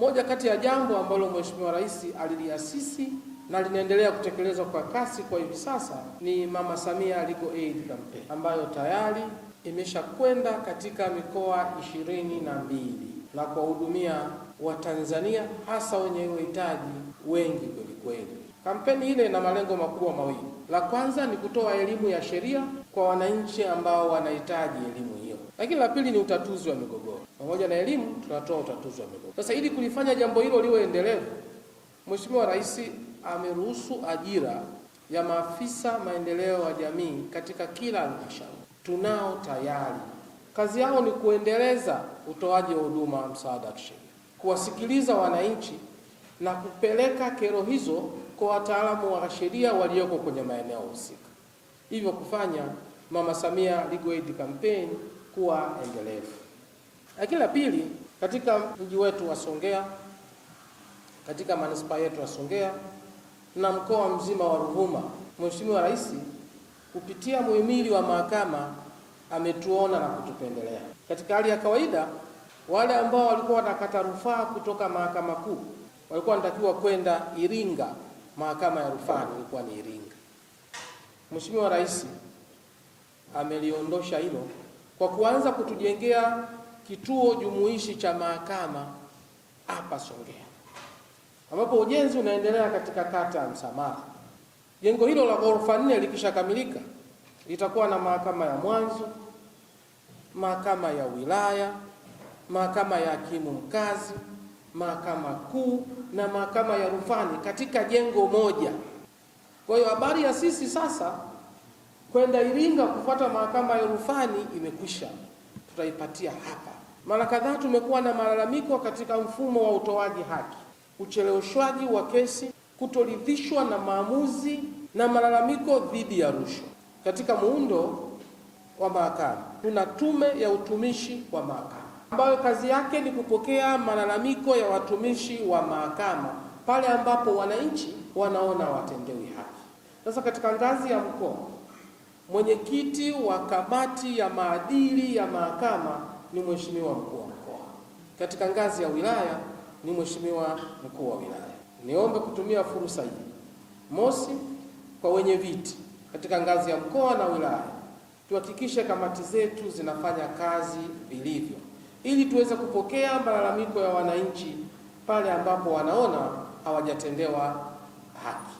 Moja kati ya jambo ambalo Mheshimiwa Rais aliliasisi na linaendelea kutekelezwa kwa kasi kwa hivi sasa ni Mama Samia Legal Aid Campaign eh. ambayo tayari imeshakwenda katika mikoa ishirini na mbili na kuwahudumia Watanzania hasa wenye uhitaji wengi kweli kweli. Kampeni ile ina malengo makubwa mawili. La kwanza ni kutoa elimu ya sheria kwa wananchi ambao wanahitaji elimu hii. Lakini la pili ni utatuzi wa migogoro. Pamoja na elimu, tunatoa utatuzi wa migogoro. Sasa ili kulifanya jambo hilo liwe endelevu, Mheshimiwa Rais ameruhusu ajira ya maafisa maendeleo wa jamii katika kila halmashauri. Tunao tayari, kazi yao ni kuendeleza utoaji wa huduma msaada wa kisheria, kuwasikiliza wananchi na kupeleka kero hizo kwa wataalamu wa sheria walioko kwenye maeneo husika, hivyo kufanya Mama Samia Legal Aid Campaign kuwa endelevu. Lakini la pili, katika mji wetu wa Songea, katika manispaa yetu ya Songea na mkoa mzima wa Ruvuma, Mheshimiwa Rais kupitia muhimili wa mahakama ametuona na kutupendelea. Katika hali ya kawaida, wale ambao walikuwa wanakata rufaa kutoka mahakama kuu walikuwa wanatakiwa kwenda Iringa, mahakama ya rufaa ilikuwa ni Iringa. Mheshimiwa Rais ameliondosha hilo kwa kuanza kutujengea kituo jumuishi cha mahakama hapa Songea, ambapo ujenzi unaendelea katika kata ya Msamaha. Jengo hilo la ghorofa nne likishakamilika litakuwa na mahakama ya mwanzo, mahakama ya wilaya, mahakama ya hakimu mkazi, mahakama kuu na mahakama ya rufani katika jengo moja. Kwa hiyo habari ya sisi sasa kwenda Iringa kufuata mahakama ya rufani imekwisha, tutaipatia hapa. Mara kadhaa tumekuwa na malalamiko katika mfumo wa utoaji haki, ucheleweshwaji wa kesi, kutoridhishwa na maamuzi na malalamiko dhidi ya rushwa. Katika muundo wa mahakama tuna tume ya utumishi wa mahakama ambayo kazi yake ni kupokea malalamiko ya watumishi wa mahakama pale ambapo wananchi wanaona watendewi haki. Sasa katika ngazi ya mkoa mwenyekiti wa kamati ya maadili ya mahakama ni mheshimiwa mkuu wa mkoa, katika ngazi ya wilaya ni mheshimiwa mkuu wa wilaya. Niombe kutumia fursa hii, mosi, kwa wenye viti katika ngazi ya mkoa na wilaya, tuhakikishe kamati zetu zinafanya kazi vilivyo, ili tuweze kupokea malalamiko ya wananchi pale ambapo wanaona hawajatendewa haki.